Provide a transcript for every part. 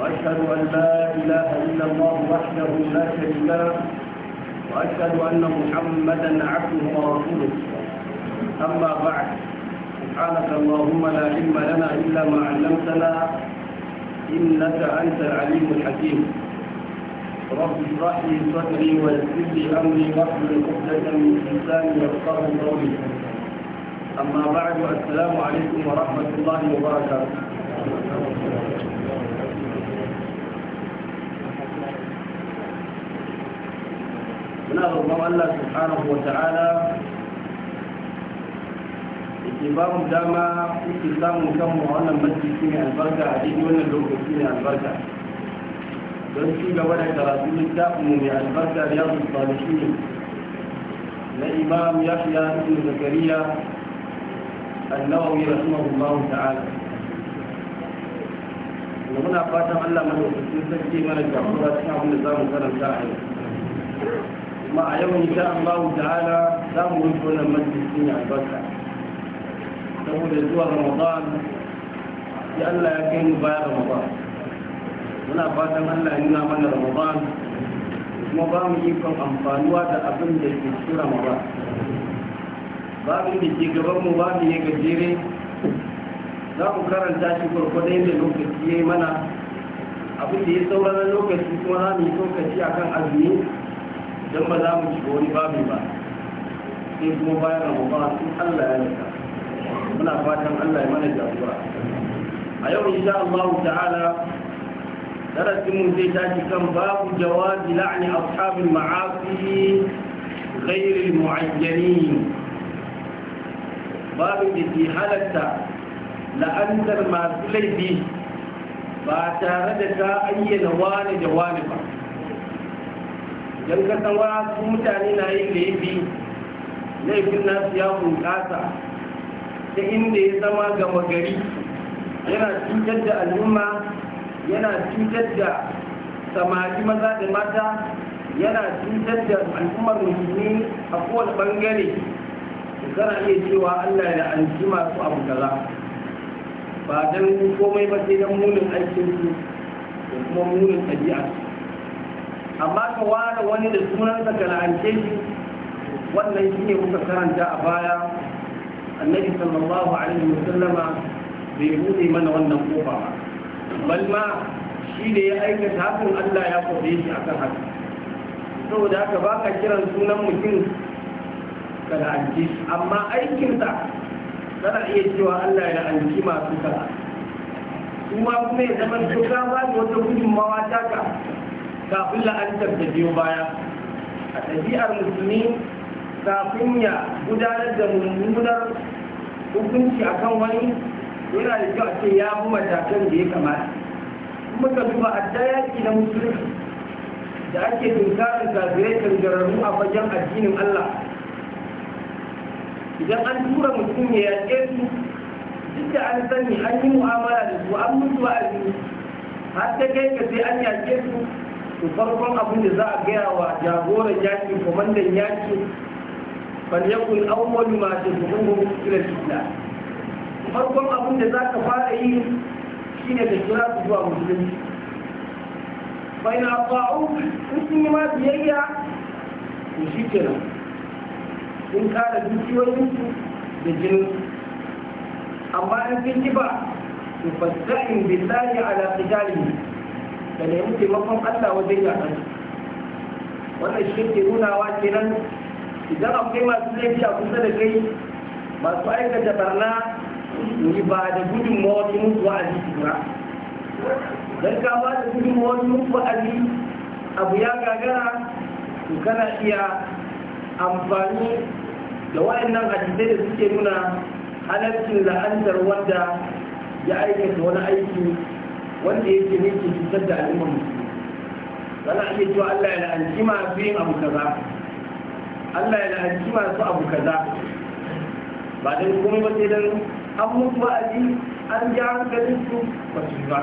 وأشهد أن لا إله إلا الله وحده لا شريك له وأشهد أن محمدا عبده ورسوله أما بعد سبحانك اللهم لا علم لنا إلا ما علمتنا إنك أنت العليم الحكيم رب اشرح لي صدري ويسر لي أمري واحلل عقدة من لساني يفقهوا قولي أما بعد السلام عليكم ورحمة الله وبركاته muna roƙon Allah subhanahu wa ta'ala yake ba mu dama kuke samun kanmu a wannan masjidi ne albarka a daidai wannan lokaci ne albarka don ci gaba da karatu littafin mu mai albarka da shi ne na imam yahya ibn zakariya annawawi rahimahullahu ta'ala muna fatan Allah madaukakin sarki mana jagora cikin abin da za mu karanta a yau ma a yau insha Allah ta'ala za mu rufe wannan majalisi ne albarka saboda zuwa Ramadan ya Allah ya kai mu bayan Ramadan muna fatan Allah ya nuna mana Ramadan kuma ba mu ikon amfanuwa da abin da ke cikin Ramadan mu da ke gaban mu ba mu ne gajere za mu karanta shi gwargwadon yadda lokaci ya yi mana abin da ya saura na lokaci kuma za mu yi lokaci akan azumi don ba za mu shiga wani babu ba sai kuma bayan abu ba sun Allah ya rika muna fatan Allah ya mana jagora a yau insha Allah ta'ala darasin mu zai tashi kan babu jawazi la'ani ashabul ma'asi غير المعينين babu da ke halatta la'antar masu laifi ba tare da ta ayyana wani da wani ba don kasan wasu mutane na yin laifi laifin nasu ya bunƙasa ta inda ya zama gama gari yana cutar da al'umma yana cutar da samari maza da mata yana cutar da al'ummar musulmi a kowane bangare kana iya cewa allah ya alci masu abu kaza ba don komai ba sai don munin aikinsu da kuma munin su amma ka ware wani da sunansa ka la'ance shi wannan shi ne muka karanta a baya annabi sallallahu alaihi wa sallama bai buɗe mana wannan kofa ba bal ma shi da ya aikata hakan Allah ya kwabe shi akan haka saboda haka ba ka kiran sunan mutum ka la'ance shi amma aikinsa tana iya cewa Allah ya la'anci masu kaza kuma kuma ya zama to ka ba wata gudunmawa taka kafin la'antar da biyo baya a ɗabi'ar musulmi kafin ya gudanar da mummunar hukunci a kan wani yana da kyau a ce ya bi matakan da ya kamata kuma ka duba a yaƙi na musulmi da ake tunkarar kafirai kangararru a fagen addinin allah idan an tura mutum ya yaƙe su duk da an sani an yi mu'amala da su an mutu a har ta kai ka sai an yaƙe su to farkon abin da za a gaya wa jagoran yaki kwamandan yaki falyakun awwalu ma tad'uhum ila al farkon abin da za ka fara yi shine ta kira su zuwa musulunci fa ina ata'u in sun yi ma biyayya to shikenan sun kara dukiyoyinsu da jinin amma in sun ki ba to fasta'in billahi ala qitalihi da nemi taimakon Allah wajen yaƙan wannan shi ke nunawa kenan idan akwai masu laifi a kusa da kai masu aikata barna yi ba da gudun mawaki mutu wa'azi ba don ka ba da gudun mawaki mutu wa'azi abu ya gagara to kana iya amfani da wa'annan hadisai da suke nuna halarcin la'antar wanda ya aikata wani aiki wanda yake ne ke cutar da al'ummar musulmi zana iya cewa Allah ya la'anci masu yin abu kaza Allah ya la'anci masu abu kaza ba dan kuma ba sai dan an mutu ba a ji an ji hankalin su ba su ba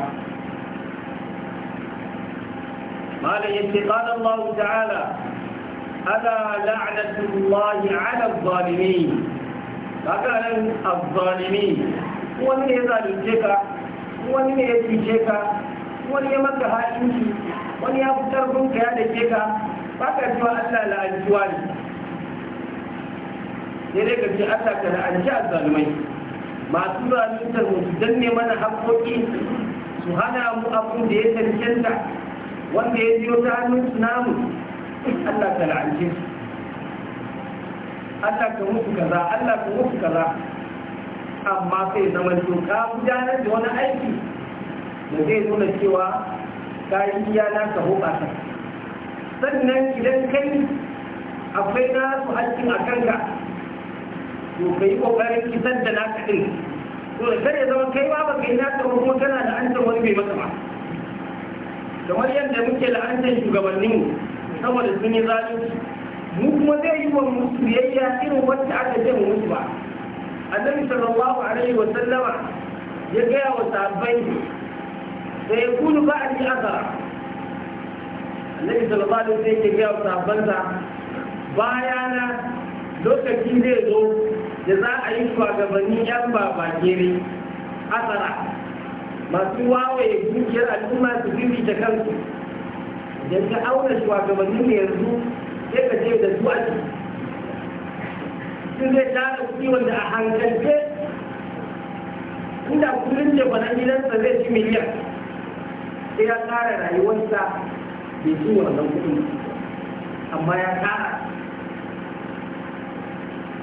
malam yace qala Allah ta'ala ala la'natullahi ala adh-dhalimin kaga nan adh-dhalimin wanda ya zalunce ka wani ne ya cuce ka wani ya maka ha'inci wani ya fitar gunka ya dake ka ba ka cewa Allah la'antuwa ne sai dai ka ce Allah ka la'anci azzalumai masu zaluntar mu su danne mana haƙoƙi su hana mu abin da ya cancanta wanda ya biyo ta hannun su namu Allah ka la'anci su Allah ka musu kaza Allah ka musu kaza amma sai zama to ka gudanar da wani aiki da zai nuna cewa ka yi iya naka hoɓata sannan idan kai akwai nasu haƙƙin a kanka to ka yi ƙoƙarin kitar da naka ɗin to da kare zama kai ba kai yi naka ba kuma kana la'antar wani bai maka ba kamar yadda muke la'antar shugabanninmu saboda sun yi zalunci mu kuma zai yi wa musu biyayya irin wacce aka ce mu musu ba annabi sallallahu alaihi wa sallama ya gaya wa sahabbai da ya kunu ba a ji azara annabi sallallahu alaihi wa sallam ya gaya wa sahabbansa bayana lokaci zai zo da za a yi shugabanni yan babakere azara masu wawaye dukiyar al'umma su bibita kansu da ka auna ne yanzu sai ka ce da su a ciki sun zai taka ciwon da a hankalce inda kullum ne ba na gidansa zai ci miliyan sai ya tsara rayuwarsa bai ci wannan kuɗin amma ya tsara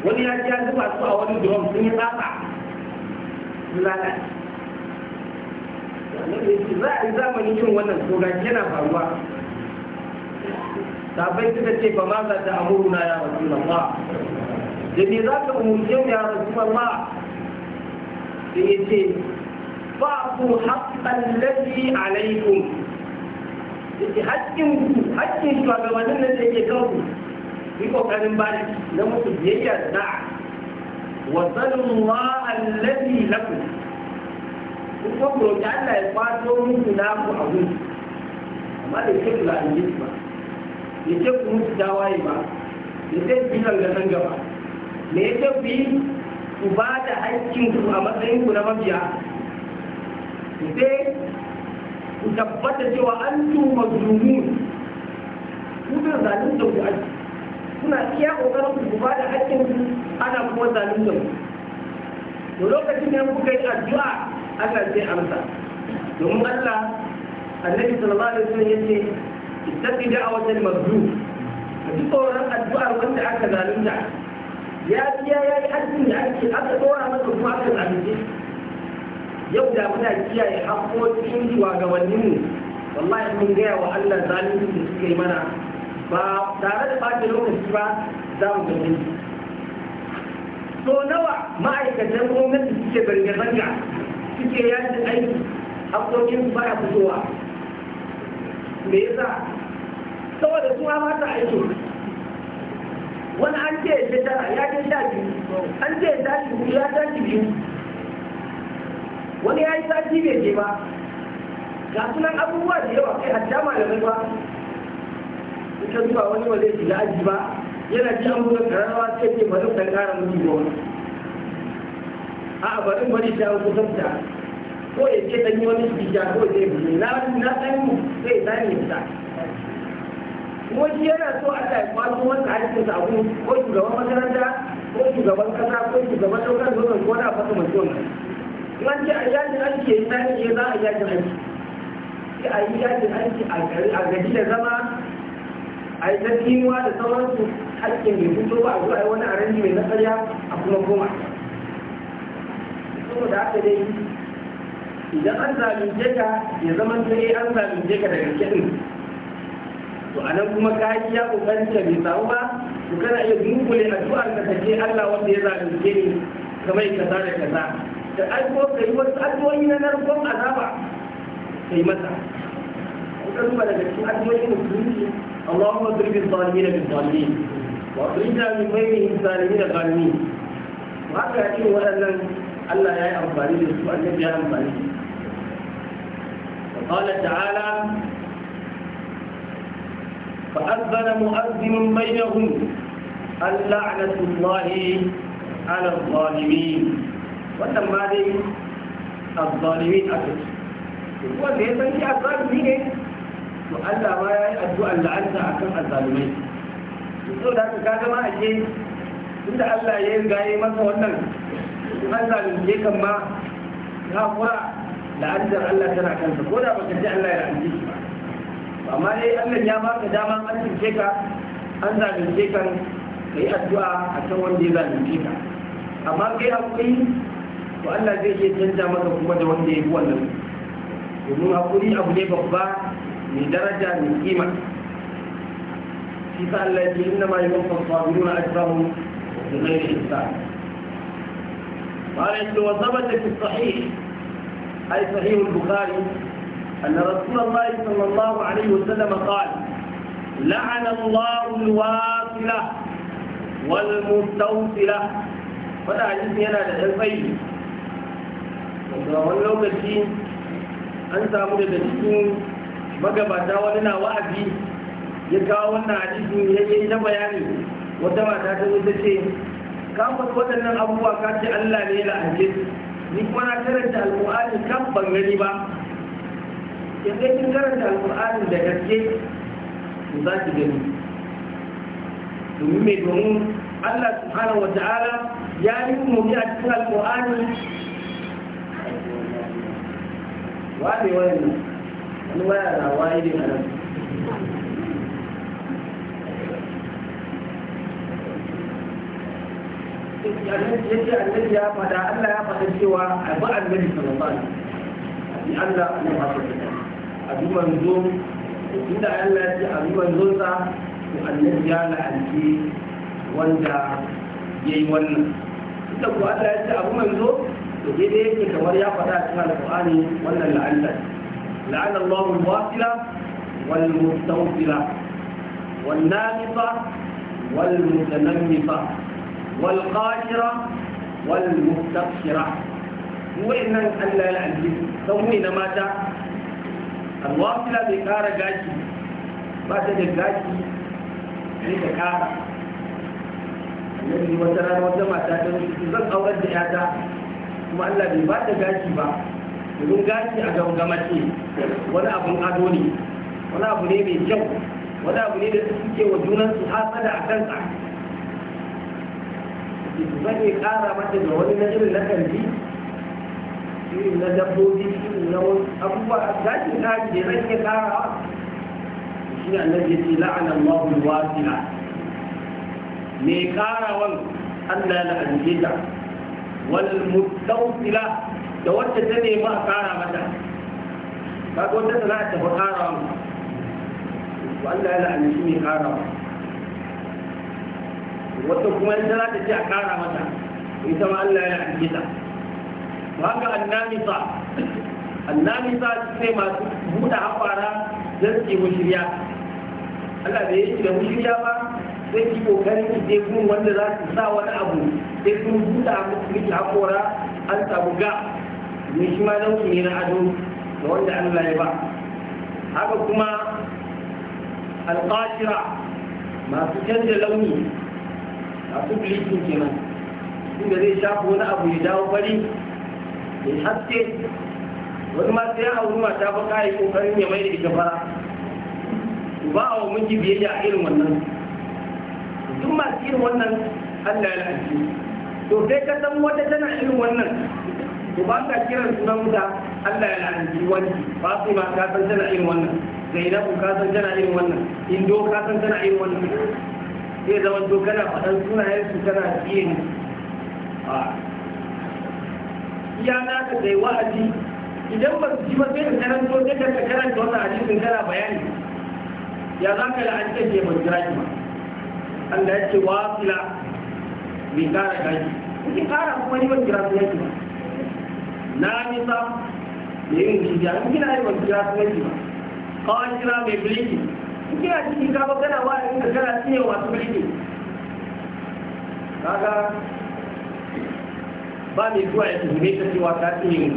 wani ya ji ya zuba su a wani drum sun yi tsafa lalace za a yi zamani cin wannan to yana faruwa sabai suka ce ba ma za ta amuruna ya rasu da me za ka umurce mu ya rasulullah sai ya ce fa ku haqqan ladhi alaikum yake haƙƙin ku haƙƙin shugabannin nan da ke kanku yi kokarin ba na musu biyayya da da'a wa sallallahu alladhi lakum ko ko da Allah ya kwato muku na ku abu amma da ke kula da ba ya ce ku mutu dawaye ba ya ce ku yi zanga-zanga ba me ya ku yi ku ba da haƙƙinku a matsayinku na mafiya? ku sai ku tabbata cewa an tuma zumun ku da ku aji kuna iya ƙoƙarin ku ba da haƙƙinku ana kuma da ku da lokacin da kuka yi addu'a Allah zai amsa domin Allah annabi sallallahu alaihi wasallam yace ittaqi da'watal mazlum a duk tsoron addu'ar wanda aka zalunta ya biya ya yi aikin da ake aka dora masa kuma aka zalunce yau da muna kiyaye haƙƙoƙin shugabanninmu wallahi mun gaya wa Allah zalunci da suka yi mana ba tare da ɓata lokaci ba za mu gani so nawa ma'aikatan gwamnati suke zanga-zanga suke yajin aiki haƙƙoƙin su baya fitowa me yasa saboda su ma ba ta aiki wani an ce ya tara ya ce sha biyu an ce ya tashi hudu ya tashi biyu wani ya yi sati bai je ba ga sunan abubuwa da yawa kai da malamai ba ita zuwa wani ba ya shiga aji ba yana ji an buga karawa sai ce bari kan kara mutu goma a'a bari bari ta kusan ta ko ya ce dan yi wani shi ta ko ya ce na na dan sai ta yi ta ko shi yana so a ta kwazo masa a sa abu ko shugaban makaranta ko shugaban kasa ko shugaban daukar zuwa ko da fata mai zuwa in an ce a yajin aiki ya tsani ya za a yajin aiki sai a yi yajin aiki a gaji da zama a yi tattimuwa da sauransu hakkin mai fito ba a zuwa yi wani aranji mai nasarya a kuma koma da aka dai idan an zalunce ka ya zama sai eh, an zalunce ka daga gaske to a nan kuma ka yi ya kokari ka bai samu ba to kana iya a addu'ar ka kace Allah wanda ya zalunce ni kamar kaza da kaza da ai ko kai wasu addu'o'i na narkon azaba kai masa ko ka ba daga cikin addu'o'i ne kun yi Allahumma dirbi salihina bil salihin wa akhrijna min bayni salihina qalimin wa haka yake waɗannan Allah ya yi amfani da su annabi ya amfani da su ta'ala فأذن مؤذن بينهم اللعنة الله على الظالمين وتم هذه الظالمين أكثر wanda ya san shi azzalimi ne to Allah ma ya yi addu'ar la'anta akan azzalimai to da haka kaga ma ake tunda Allah ya riga ya masa wannan in an zalunce kan ma ya Allah tana kansa ko da baka ji Allah ya la'anci shi ba amma dai Allah ya baka dama an cince ka an zabi ka ka yi addu'a a kan wanda ya zalunce ka amma kai hakuri to Allah zai iya canza maka kuma da wanda ya yi wannan domin hakuri abu ne babba mai daraja mai kima shi sa Allah ya ce inna ma yuwaffa sabiruna ajrahum bi ghairi hisab da وثبت في ai أي صحيح bukhari أن رسول الله صلى الله عليه وسلم قال لعن الله الواصلة والمستوصلة ولا حديث هنا للفيل wani lokaci an samu daga cikin magabata wani na wa'azi ya kawo wannan hadisi ya yi na bayani wata mata ta zo ta ce ka faɗi waɗannan abubuwa ka Allah ne ya la'ance ni kuma na karanta alƙur'ani ban gani ba in dai kin karanta alqur'ani da gaske to za ki gani domin mai domin Allah subhanahu wa ta'ala ya yi umarni a cikin alqur'ani wa ne wannan wani waya na waye ne a nan yake ya faɗa Allah ya faɗa cewa a bi annabi sallallahu alaihi wasallam Allah ya faɗa a bi manzo inda Allah ya ce a bi manzo sa to annabi ya la'anci wanda ya yi wannan inda ko Allah ya ce a bi to ke da yake kamar ya faɗa cikin alƙur'ani wannan la'anta la'ana Allahu al-wasila wal mustawsila wal namifa wal mutanammifa wal qashira wal mustabshira wa'annan Allah ya la'anci sun ne na mata alwafila bai kara gaji ba ta da gaji ne ta kara annabi wata rana wata mata ta rubuta zan aurar da yata kuma Allah bai ba ta gaji ba domin gaji a gangamace wani abun ado ne wani abu ne mai kyau wani abu ne da suke wa junan su hasada a kansa zan iya kara mata da wani na irin na karfi irin na dabbobi irin na wasu abubuwa za ki kare da zan iya karawa shi ne annabi ya ce la'ana Allahu wasila me kara karawan Allah ya la'anje ta wal mutawfila da wacce ta nemi a kara mata kaga wata da za ta fa karawan Allah ya la'anje me wa? wata kuma ita za ta ce a kara mata ita ma Allah ya la'anje ta ba annamisa annamisa sai masu buɗe haƙwara don su yi mushirya Allah da yi da mushirya ba sai ki kokarin ki je gun wanda za su sa wani abu sai sun buɗe miki haƙora an samu ga ni shi ma nau'i ne na ado da wanda Allah ya ba haka kuma alƙashira masu canza launi masu bleaching kenan inda zai shafa wani abu ya dawo fari mai haske wani ma sai ya auri mata ba ka yi kokarin ya mai da ita fara ba a wa miji biyayya a irin wannan duk masu irin wannan Allah ya lafi to sai ka san wata tana irin wannan to ba ka kiran sunan ta Allah ya lafi wani ba su ma ka san tana irin wannan zainabu ka san tana irin wannan indo ka san tana irin wannan zai zama to kana faɗan sunayen su kana iya a ah. iya na ka wa'azi idan ba su ji ba sai ka karanto sai ka karanta wannan kana bayani ya za ka la'anta ke jira ki ba Allah ya ce wa fila bai kara gaji kuke kara kuma ni ban jira su yaki ba na nisa da yin jijiya in kina yi ban jira su ba kawai jira mai biliki in kina cikin gaba kana wa'azi ka kana cinye wasu biliki kaga ba mai zuwa ya tuhume ta cewa ta tsaye ne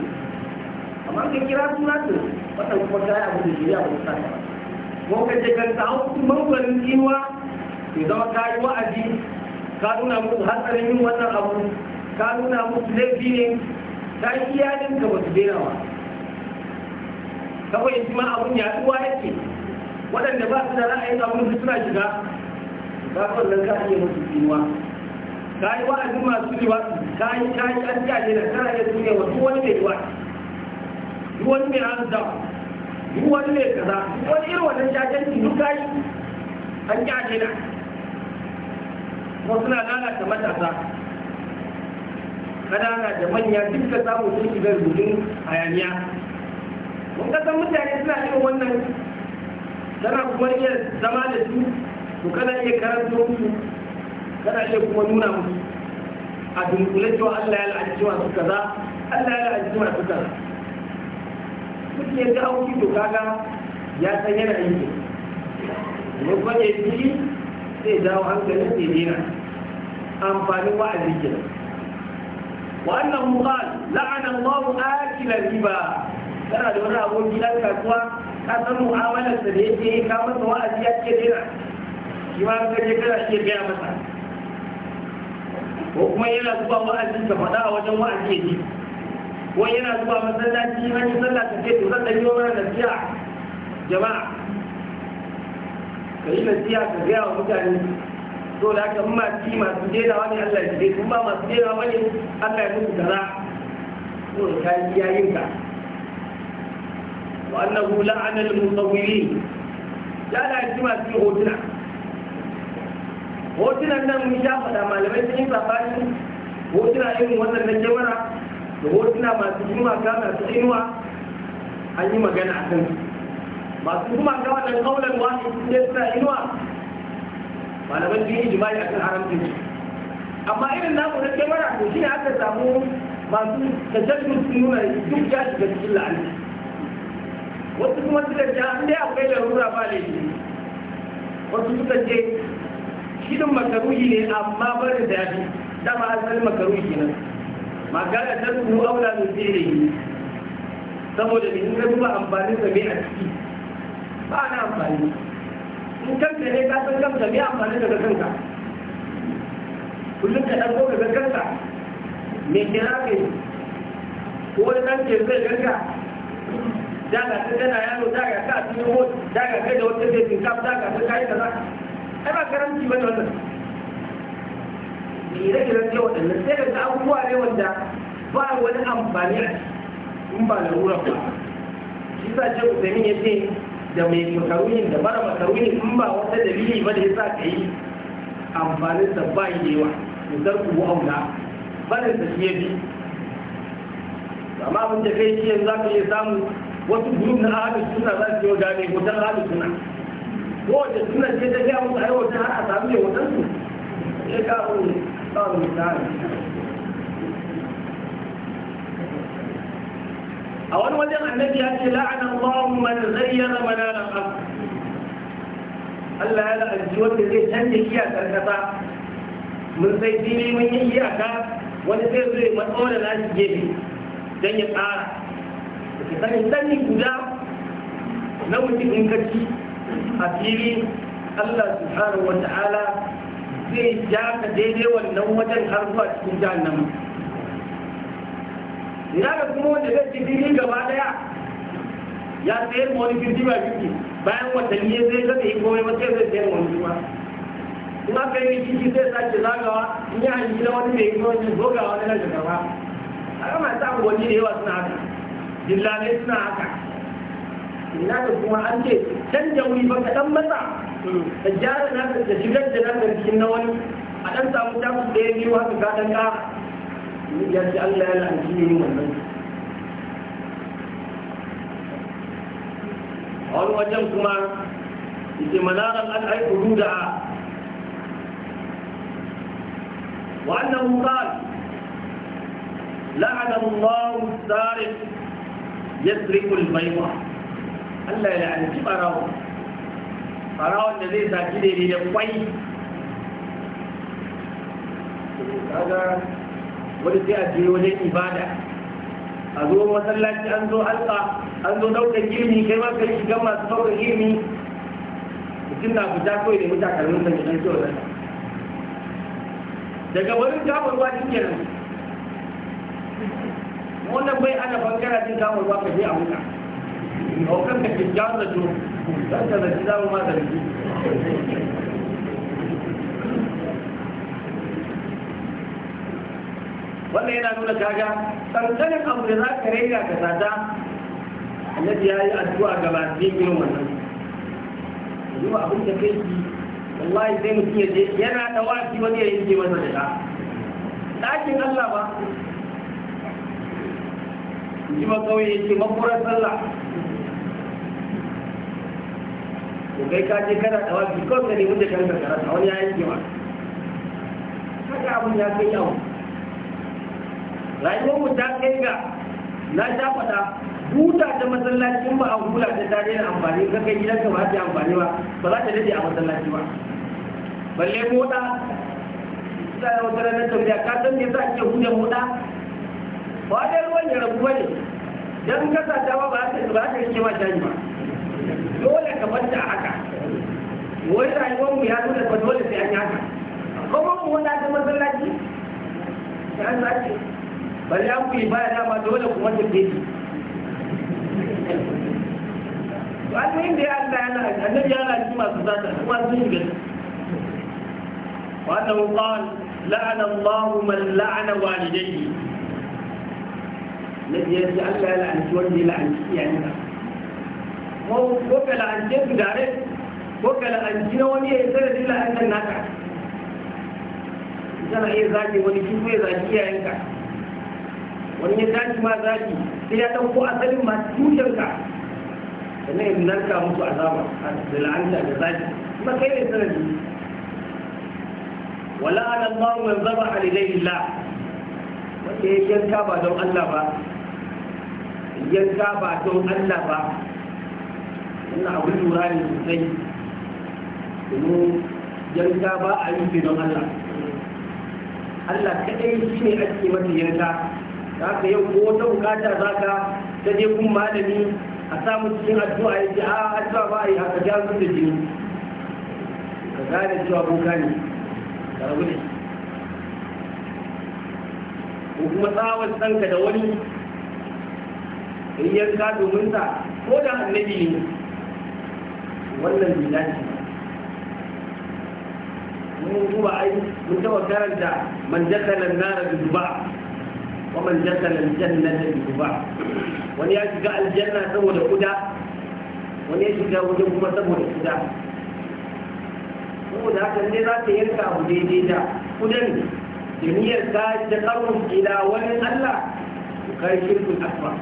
amma ka kira suna ta wannan kuma ta yi abu da shirya ba ta ta ko ka je kan su mangwanin kiwa ya zama ka yi wa'azi ka nuna musu hatsarin yin wannan abu ka nuna musu laifi ne ta yi iyalin ka ba su daina ba kawai yanzu ma abun yaduwa yake waɗanda ba su da ra'ayin abun su suna shiga ba wannan ka iya musu kiwa ka yi wa'azin masu liwa su kayi kayi an ji ajiyar kana ya duniya wa duk wani mai ruwa duk wani mai hanzar duk wani mai kaza duk wani irin wannan jajanci duk kayi an ji ajiyar kuma suna lalata matasa kanana da manya duk ka samu sun shiga rubutun hayaniya mun kasan mutane suna irin wannan tana kuma iya zama da su to kana iya karanto musu kana iya kuma nuna musu a dunkule cewa Allah ya la'anci su kaza Allah ya la'anci masu kaza mutum ya ji hauki to kaga ya san yana yi ne kuma ya ji sai dawo hankalin sai dina amfanin wa'azi kenan وأنه قال لعن الله آكل الربا kana da wani aboki dan kasuwa ka san mu'amalar sa da yake yi ka masa wa'azi ya ce dena shi ma ka je kana shi ya gaya masa ko kuma yana zuwa wa'azi ka faɗa a wajen wa'azi ya ji ko yana zuwa masallaci an yi sallah ka ce to zan ɗan yi mana nasiha jama'a ka yi nasiha ka gaya wa mutane to da haka ma ci masu jerawa ne Allah ya jere kuma masu jerawa ne Allah ya mutu kaza to da ka yi yayin ka wa annahu la'ana al ya da ji masu hotuna hotunan nan mun sha faɗa malamai sun yi safari hotuna irin wannan kyamara da hotuna masu gumaka masu inuwa an yi magana a kan masu gumaka wannan kaulan wani sun yi suna inuwa malamai sun yi jima'i a kan haramcin su amma irin namu na kyamara ko shi ne aka samu masu tajallus sun nuna duk ya shiga cikin la'anci wasu kuma suka ce an ah, dai akwai larura ba laifi wasu suka ce gidan makaruhi ne amma barin daɗi dama asalin makaruhi nan magana ta tsoro aula zai da yi saboda mai kai kuma amfani da mai a ciki ba na amfani in kanka ne ka san kanka mai amfani daga kanka kullum ka ɗan ko ga kanka mai kira ka yi ko wani ɗan ke zai ganka daga ta tana yaro daga ka a cikin mota daga kai da wata zai tinkaf daga ta kayi kaza ai ba karanci ba wannan me ire iren ne waɗannan sai daga abubuwa ne wanda ba wani amfani a in ba larurar ba shi sa ce usamin ya ce da mai makaruni da mara makaruni in ba wata dalili ba da ya sa ka yi amfanin sa ba yi da yawa misal ku auna barin sa shi ya bi amma abin da kai shi yanzu za ka iya samu wasu gudun na ahalin suna za su yi wa gane hoton ahalin suna kowace suna ce ta gaya musu aiwata har a samu ne wadansu ya kawo ne kawo misali a wani wajen annabi ya ce la'ana Allahu man zayyana manala haq Allah ya la'anci wanda zai canje iyakar kasa mun sai fili mun yi iyaka wani sai zai matso da shi gefe don ya tsara da sani sani guda na mutum in ka a fili Allah subhanahu wa ta'ala zai ja ka daidai wannan wajen har zuwa cikin jahannama ina da kuma wanda zai ci fili gaba daya ya sayar ma wani firji ba fili bayan watanni ya zai zai yi komai wata sai zai sayar ma wani kuma kuma kai ne kiki zai sake zagawa in yi hanyi na wani mai kuma wani na wani da gaba a kama sa ne da yawa suna haka dillalai suna haka ina da kuma an ce dan da wuri ba ka dan matsa da jara na da shigar da na da cikin na wani a dan samu tafi da ya biyu haka ga dan ka ya ce Allah ya lalace ne wannan a wani wajen kuma yake manaran an ai hududa wa annahu qala la'ana Allah sariq yasriqu al-bay'a Allah ya la'anci farawo farawo da zai saki daidai da kwai kaga wani sai a je wajen ibada a zo masallaci an zo halka an zo daukar girmi kai ma kai shiga masu daukar girmi mutum na fita kawai da mutakarmin sa ne dan kyau da daga wani kamar ruwa cikin nan wannan bai ana bangara jin kamar ruwa ka je a wuta da أو كم كتجار نجوم فأنت نجدار ماذا نجوم wannan yana nuna kaga tsantsanin abu da za ka raina ka sata annabi ya yi addu'a ga masu yin irin wannan yanzu ba abin da kai ki wallahi sai mutum ya je yana da wasi wani ya yanke masa da ɗakin Allah ba ji ba kawai ya makurar sallah to kai ka je kana tsawa bi kawai ka nemi da kan ka rasa wani ya kewa ma haka abin ya kai yawo rayuwar mu ta kai ga na ta fada huta ta masallacin ba a hula ta ta daina amfani ka kai ka ba ta amfani ba ba za ta daɗe a masallaci ba balle moda ta yi wata ranar tafiya ka san me za a ke huda moda ba da ruwan ya rabu ba ne don kasa ta ba ba ta rike ma yi ba dole ka banta haka wani rayuwar mu ya nuna ba dole sai an haka kuma mu wanda ta masallaci sai an sace bari an kuyi baya dama dole kuma ta fesi wannan da ya Allah yana annabi yana ji masu zata kuma sun shiga wannan qal la'ana Allah man la'ana walidayhi nabi ya ce Allah ya la'anci wanda ya la'anci iyayensa ko kala an su dare ko kala an na wani ya yi sanadin kan. naka tana iya zaki wani shi ko ya zaki ka. wani ya tashi ma zaki sai ya ɗauko asalin ma tushenka sannan ya narka musu azaba da la'anta da zaki kuma kai ne sanadi wala an Allah man zaba alilahillah wanda ya yanka ba don Allah ba yanka ba don Allah ba suna abin lura ne sosai domin yanka ba a yi fi don Allah Allah kaɗai shi ne ake mata yanka za ka yau ko ta bukata za ka ta je kun malami a samu cikin addu'a ya ce a ah, addu'a ba a yi haka ja su da jini ka gane cewa boka ne ka rabu da ko kuma tsawon ɗanka da wani in yanka domin sa ko da annabi ne wannan bai ce mun kuma ai mun taba karanta man dakala nara bi duba wa man dakala aljannata bi duba wani ya shiga aljanna saboda kuda wani ya shiga wajen kuma saboda kuda saboda haka ne za ta yanka abu daidai da kudan da niyyar ta da karun ila wani allah kai shirkun akbar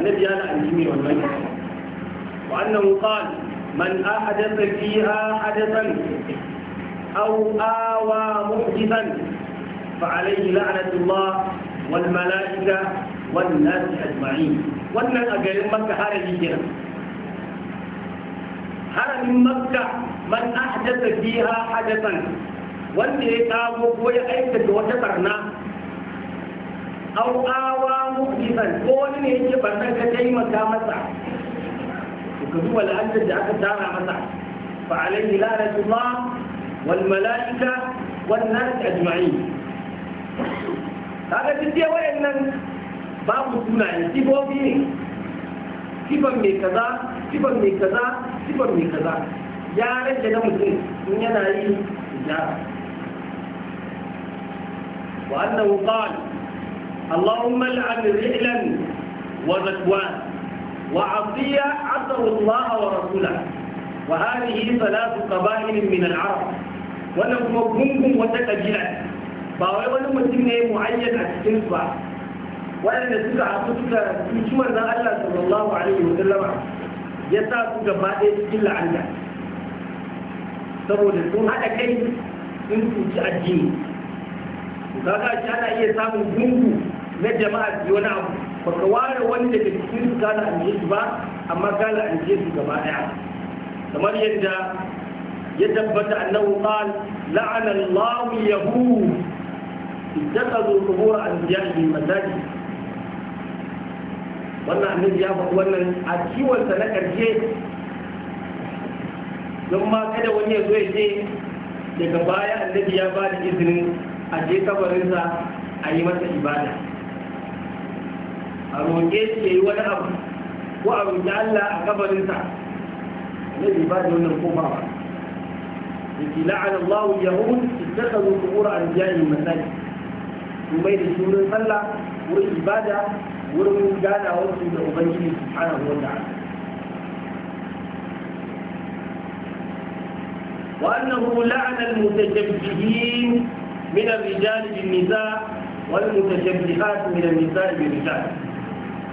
annabi ya na aljimi wannan وأنه قال من أحدث فيها حدثا أو آوى محدثا فعليه لعنة الله والملائكة والناس أجمعين wannan a garin makka harami kenan haramin makka man ahdatha fiha hadathan wanda ya kawo ko ya aikata wata barna aw awa muhdisan ko wani ne yake barna ka taimaka masa فهو الأجل جعلت دارا مسح فعليه لعنة الله والملائكة والناس أجمعين هذا جدي وإن باب سنة يسيبه فيه sifan mai kaza sifan mai kaza sifan mai kaza ya rage na mutum in yana yi tijara wa annahu qala allahumma al'an وعصي عصوا الله ورسوله وهذه ثلاث قبائل من العرب wannan kuma gungun wata kabila ba wai wani mutum ne mu'ayyan a cikin su ba waɗanda suka haɗu suka cuci manzon Allah sallallahu alaihi wa sallama ya sa su gaba ɗaya cikin la'anta saboda sun haɗa kai sun cuci addini kaga ka ana iya samun gungu na jama'a wani abu baka ware wani daga cikin ka la'ance shi ba amma ka la'ance su gaba daya kamar yadda ya tabbata annahu qal la'ana Allah yahud ittakhadhu qubur anbiya'ihi masajid wannan annabi ya faɗi wannan a ciwon sa na karshe don ma kada wani ya zo ya je daga baya annabi ya ba da izinin a je kabarinsa a yi masa ibada a roƙe su ya yi wani abu ko a roƙi Allah a kabarinsa ne bai ba da wannan koma ba yake la'ana Allah yahud ittakhadhu qubur anbiya'ihim masajid su mai da shurin sallah wurin ibada wurin ganawar su da ubangiji subhanahu wa وأنه لعن المتشبهين من الرجال بالنساء والمتشبهات من النساء بالرجال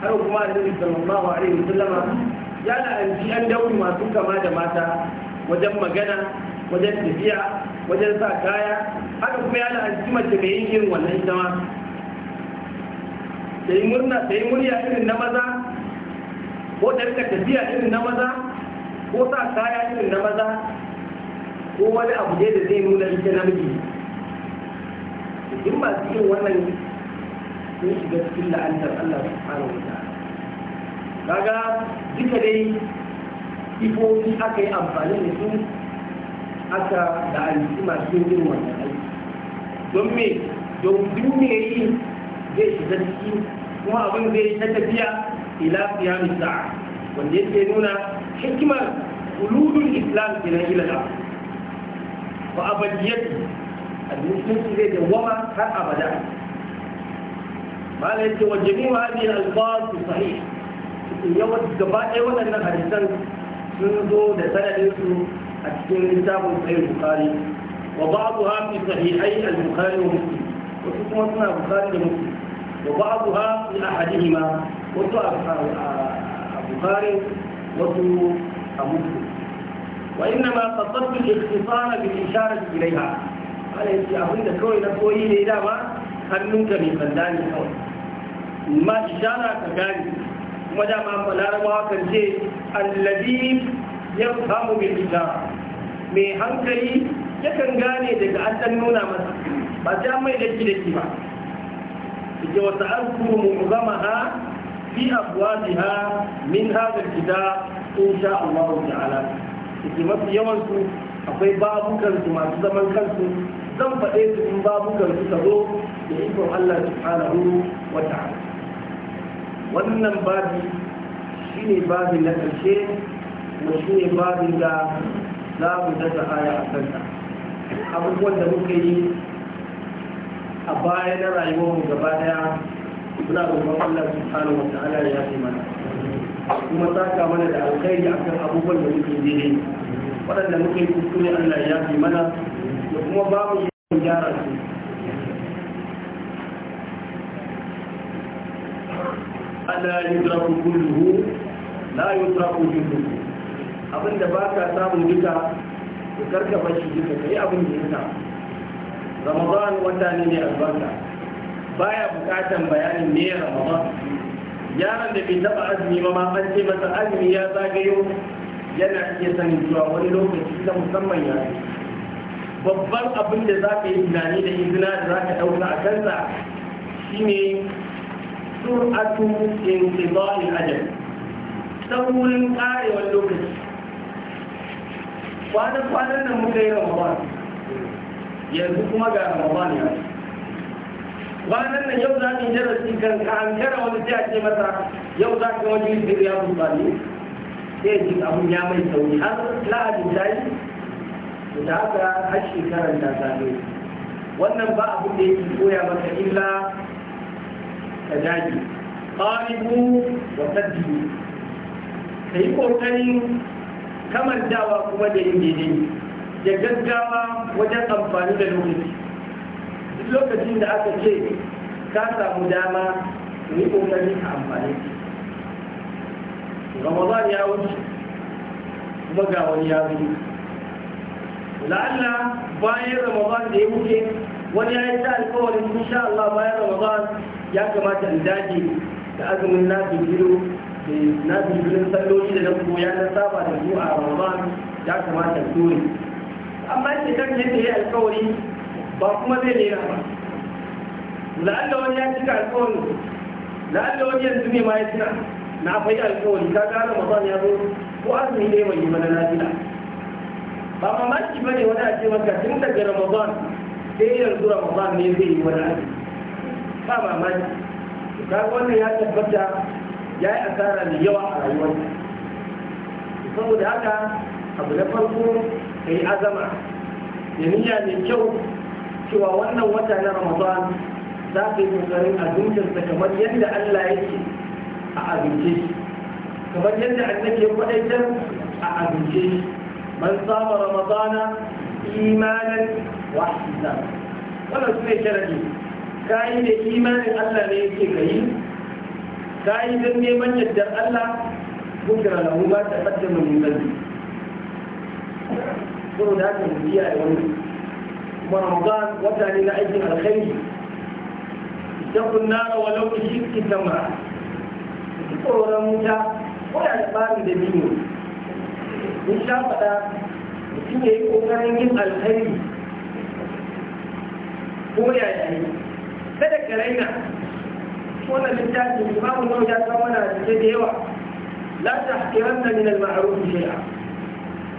har kuma nabi sallallahu alaihi wasallam ya la'anci an dauri masu kama da mata wajen magana wajen tafiya wajen sa kaya haka kuma ya la'anci mace mai yin irin wannan ita ma ta yi murna ta yi murya irin na maza ko ta rika tafiya irin na maza ko sa kaya irin na maza ko wani abu da zai nuna ita namiji duk masu yin wannan sun shiga cikin la'antar Allah subhanahu wa ta'ala kaga duka dai sifofi aka yi amfani da su aka da al'umma cikin irin wannan aiki don me don duk me yi zai shiga ciki kuma abin zai ta tafiya ila qiyam sa'a wanda yake nuna hikimar ululul islam kenan ila da wa abadiyatu al-muslim zai dawama har abada ما لا يتوى جميع هذه الألفاظ في صحيح يوم الجباء أيضا أن حديثا منذ لسنة أتكون كتاب صحيح البخاري وبعضها في صحيحي البخاري ومسلم وتكون صنع البخاري ومسلم وبعضها في أحدهما وتو البخاري وتو مسلم وإنما قصدت الاختصار بالإشارة إليها قال يا أخي كوي نقول إلى ما هل منك من فندان الحوالي ma ishara ka gani kuma dama larabawa kan ce allabi ya famu bil ishara mai hankali yakan gane daga an dan nuna masa ba sai mai da daki ba ke wata alku mu'zamaha fi abwabiha min gida alkitab insha Allah ta'ala ke mafi yawan su akwai babukan su masu zaman kansu zan faɗe su in babukan su ta zo da ikon Allah subhanahu wa ta'ala wannan babi shi ne babi na ƙarshe kuma shi ne babi da za mu daga aya a kanta abubuwan da muka yi a baya na rayuwarmu gaba daya suna roƙon Allah tsara wata ala ya yi mana kuma saka mana da alkhairi kan abubuwan da muke daidai waɗanda muke kuskure Allah ya yi mana da kuma babu yin gyara su ana yutraku kulluhu la yutraku kulluhu abinda baka samun duka ka karka bashi duka kai abin da yasa ramadan wata ne ne albarka baya bukatan bayanin ne ramadan yaron da bai taba azumi ba ma an ce masa azumi ya zagayo yana iya sanin cewa wani lokaci ta musamman ya yi. babban abin da za ka yi tunani da izina da za ka ɗauka a kansa shine sur'atu inqidai ajal saurin karewar lokaci kwana kwanan nan muka yi ramadan yanzu kuma ga ramadan ya kwanan nan yau za mu yi darasi kan ka hankara wani sai a ce masa yau za ka wani jirgin ya musali sai ji abu ya mai sauri har lahadin ta yi da haka har shekarar ta zane wannan ba abu da yake koya maka illa التدابير قائبوا وقدموا في قرآن كما الدعوة قوة الإنجيلي جدد دعوة وجد أنفان للغنى لو كنت أعطى شيء كانت مداما في قرآن أنفان رمضان يعود مقا ونياوي لعل باير رمضان ديوكي ونهاية الكول إن شاء الله باير رمضان ya kamata in dage da azumin nafi gido da nafi biyun salloli da na koya na saba da su a ramadan ya kamata ne amma ce kan yadda ya alkawari ba kuma zai nera ba la'alla wani ya cika alkawari la'alla wani yanzu ne ma ya cika na fai alkawari ta gane ramadan ya zo ko azumi ne mai mana lafiya ba mamaki ba ne wani a ce maka tun daga ramadan sai yanzu ramadan ne zai yi wani azumi ba mamaki ka wannan ya tabbata ya yi asara mai yawa a rayuwarsa saboda haka abu na farko ka yi azama da niyya mai kyau cewa wannan wata na ramadan za ka yi kokarin abincinsa kamar yadda allah yake a abince shi kamar yadda Allah ke kwadaitar a abince shi man sama ramadana imanan wa ihtisaba wannan su ne sharadi ka da imanin Allah ne yake ka yi ka don neman yaddar Allah bukira lahu ba ta kaddama min zalbi kuma da haka yi kiyaye wani kuma Ramadan wata ne na aikin alkhairi ittaqun nar wa law bi shiqqi ta tsoron wuta ko da bari da biyu in sha faɗa mutum ya yi ƙoƙarin yin alkhairi ko ya yi kada ka raina wannan littafin imamu nau ya kawo mana da yawa la ta hakiran na minal ma'aruf shay'a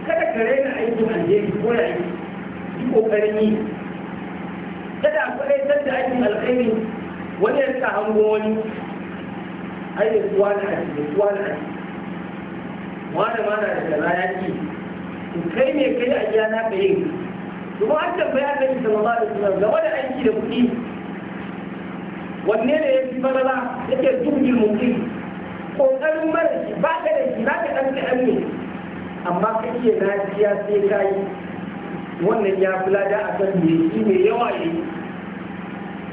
kada ka raina aikin alheri ko ya yi yi kokarin yi kada a san da aikin alheri wani ya sa hango wani ai da tuwa na aji da tuwa na aji wani ma na da kaza ya ci kai ne kai a gida na ka yi domin an tambaya kan isa ma da suna game da aiki da kuɗi wanne ne ya fi falala ke turbin mutum ƙoƙarin mara shi ba ɗaya da shi ba ka ɗan ɗan ne amma ka iya nasiya sai ka yi wannan ya fi lada a kan ne shi mai yawa ne yi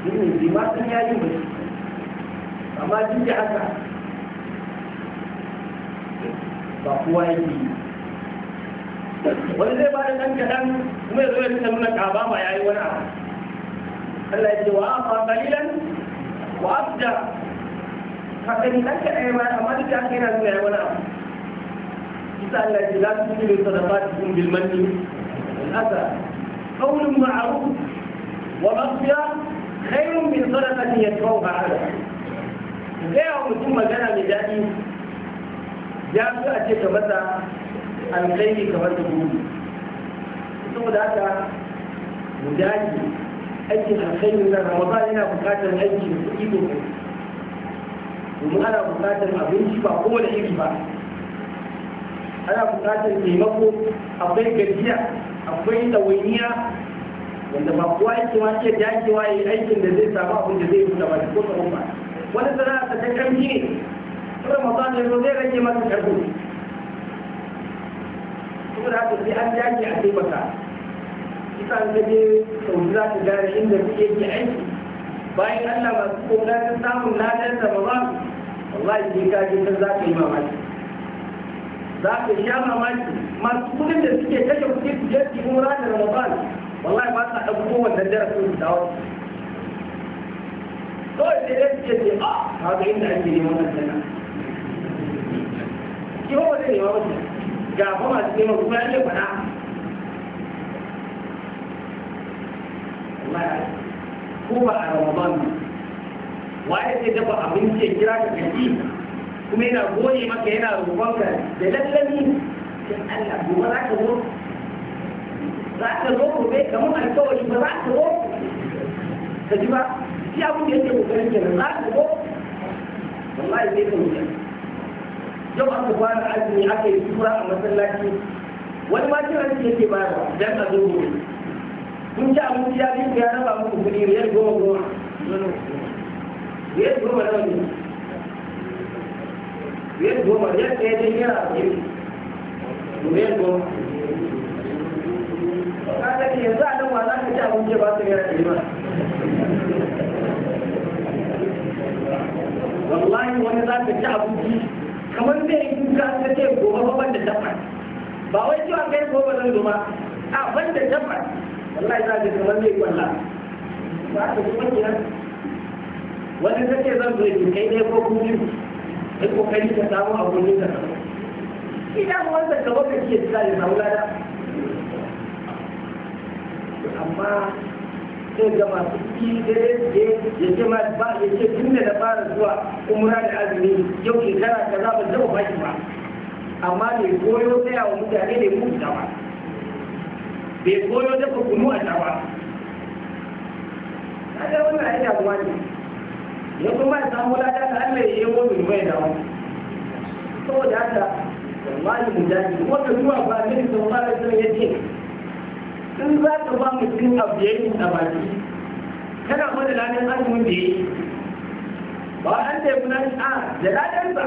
yin ne ba sun ya yi mai amma duk da haka ba kowa yake yi wani zai ba da ɗan kaɗan kuma ya zo ya nuna ƙaba ma ya yi wani abu Allah ya ce wa amma kalilan وأبدع فكان لك أيما أمالك أخيرا من أيوانا يسأل الله لا تكتبوا صدقاتكم بالمن والأذى قول معروف ومغفرة خير من صدقة يدفعها على gaya mutum magana mai daɗi ya fi a ce ka masa alkhairi kamar da aikin alkhairi na ramadan yana bukatar aikin kuɗi ne domin ana bukatar abinci ba kowane iri ba ana bukatar taimako akwai gajiya akwai ɗawainiya wanda ba kowa yake ma iya dakewa ya yi aikin da zai samu abin da zai fita ba da ko tsawon ba wani sana'a ta kankanci ne ramadan ya zo zai rage masa karfi saboda haka sai an dage a taimaka isa an gaje sau za ka gane inda suke ke aiki bayan Allah ba su ta samun ladan da ba ba wallahi sai ka je ta za ka yi mamaki za ka sha mamaki masu kudin da suke kashe kuɗi su je su yi umra da Ramadan wallahi ba sa ɗauko wannan darasin su dawo kawai sai dai suke ce a ah, kaga inda ake neman aljanna ki ba wani neman aljanna ga kuma masu neman kuma ya ce faɗa mara ko a ramadan ne waye zai dafa abinci ya kira ka kaci kuma yana goye maka yana roƙon ka da lallami sai Allah gobe za ka zo za ka zo bai kamar alkawari ba za ka zo ka ji ba shi abin da yake kokarin kenan za ka zo wallahi sai ka wuce yau aka fara azumi aka yi tura a masallaci wani ma kiran yake bayarwa dan a zo gobe kun ci abinci ya fi ya raba muku kuɗi biyar goma goma biyar goma nawa ne biyar goma biyar ɗaya dai yana biyar goma kaga ne yanzu a nan wa za ka ci abinci ba su yana ɗaya wallahi wani za ka ci abinci kamar zai yi kuka ka ce gobe ba ban da dafa ba wai cewa kai gobe zan zuma a ban da dafa Allah ya zaga kamar mai kwalla ba ta kuma kira wani ta ce zan zai kai ne ko kuma kai kokari ka samu abu ne ka samu idan wanda ka baka ke sa ya samu lada amma sai ga masu ki dare da ya ce ma ba ya ce tun da na fara zuwa umra da azumi yau shekara kaza ban taɓa baki ba amma ne koyo tsaya wa mutane ne mu da ba bai koyo dafa kunu a ta ba kaga wannan ai damuwa ne ya kuma ya samu lada da Allah ya yi wani mai dawo saboda haka wallahi mujahid wanda zuwa ba ne da wallahi sai ya ce in za ka ba mu cikin abu yayin da baki kana ba da ladan azumin da yayi ba an da kuna a ah, da ladan ba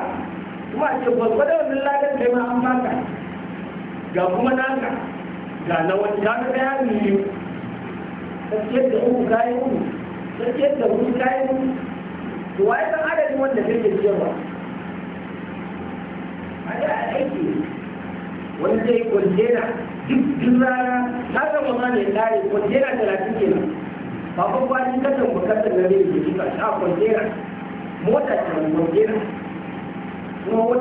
kuma ce gwagwada wannan ladan kai ma an baka ga kuma naka ga na ya ga ya mi yi tsakiyar da uku kayan uku tsakiyar da uku kayan uku to waye san adadin wanda kake ciyarwa a da aiki wani zai kwantena duk rana ta gama ma ne kare kwantena talatin kenan ba babban kasan bukatar na ne ke cika sha kwantena mota ce kwantena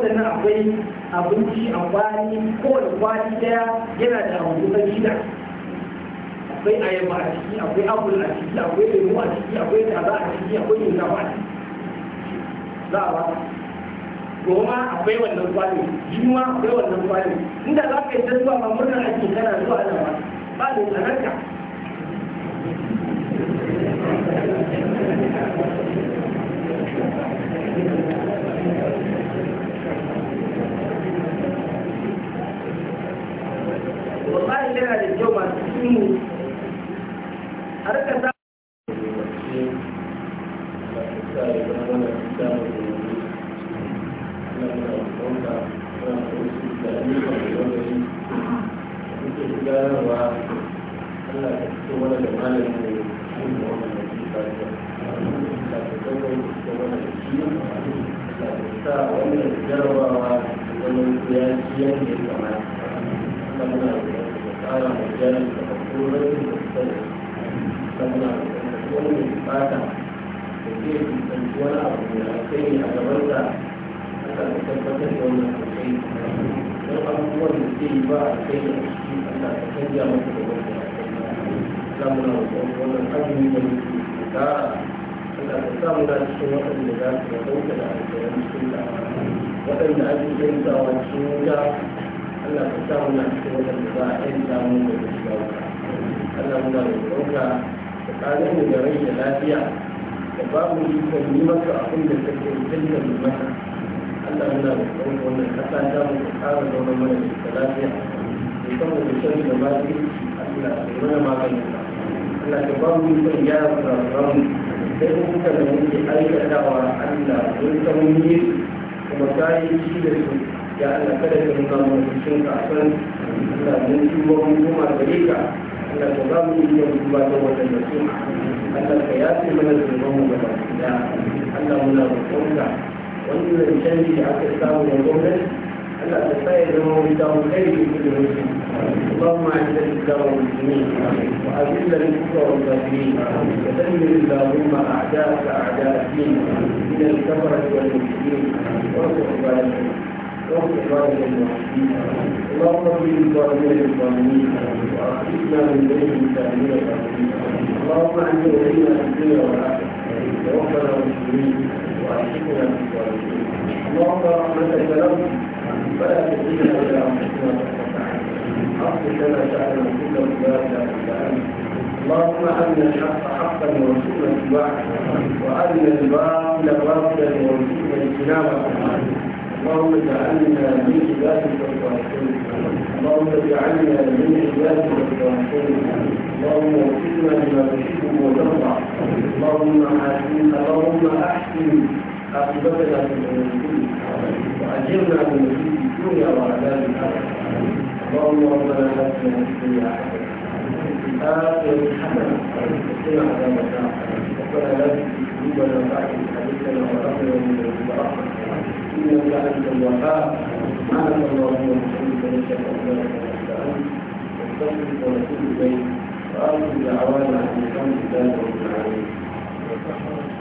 wadannan akwai abinci a kwali da kwali daya yana da abu na gida akwai ayaba a ciki akwai apple a ciki akwai lemu a ciki akwai kaza a ciki akwai shinkafa a ciki za a ba goma akwai wannan kwali. jima akwai wannan kwali. inda za ka yi ta zuwa ma murna ake kana zuwa da ba ba da tsanarka yana da kyau masu cimu a mana sosai don abubuwan da ke ba a kai a cikin Allah ka canja masa da wanda ya kai na wannan azumi da muke da Allah ka sa mu da cikin waɗanda za su ɗauka da alƙawarin cikin da waɗanda ake yantawa cikin wuta Allah ka sa na cikin waɗanda za a yanta mu da gaskiya Allah mu na roƙonka ka ƙare da rai da lafiya da babu ikon yi maka abin da kake tantar maka Allah yana roƙon wannan ƙasa ta mu ƙara zama mana da lafiya roƙon mu da shan da baki Allah ya mana magani Allah ya ba mu son gyara kurakuran sai kuka da muke aikatawa Allah mun san mun yi kuma kayi shi da su ya Allah kada ka nuna mu cikin kafin Allah mun tuba mun koma gare ka Allah ka ba mu iya duba da waɗanda su Allah ka yafe mana zunubanmu gaba ɗaya Allah muna roƙonka ومن الإنسان يجعل إسلام ويقومنا ألا تستعي لما ولده خير في كل مسلم اللهم أعز الإسلام والمسلمين وأذل الكفر والكافرين ودمر اللهم أعداءك أعداء الدين من الكفرة والمسلمين وارزق عبادك اللهم اغفر للظالمين الظالمين واخرجنا من بينهم سالمين الظالمين اللهم انت ولينا في الدنيا والاخره توفنا مسلمين اللهم رحمتك الحق حقا ورسولنا اتباعه وأرنا الباطل باطلا ورسولنا اجتنابه اللهم اجعلنا من عبادك الصالحين اللهم اجعلنا من عبادك الصالحين اللهم وفقنا لما تحب وترضى اللهم حاسبنا اللهم احسن أبي بكر المسلمين وأجرنا من مسجد الدنيا وعذاب الأرض اللهم لا تزغ الدنيا آخر حسنة وقنا عذاب النار ربنا لا تزغ قلوبنا بعد إذ هديتنا وهب لنا من لدنك رحمة إنك أنت الوهاب سبحانك اللهم وبحمدك نشهد أن لا إله إلا أنت نستغفرك ونتوب إليك دعوانا أن الحمد لله رب العالمين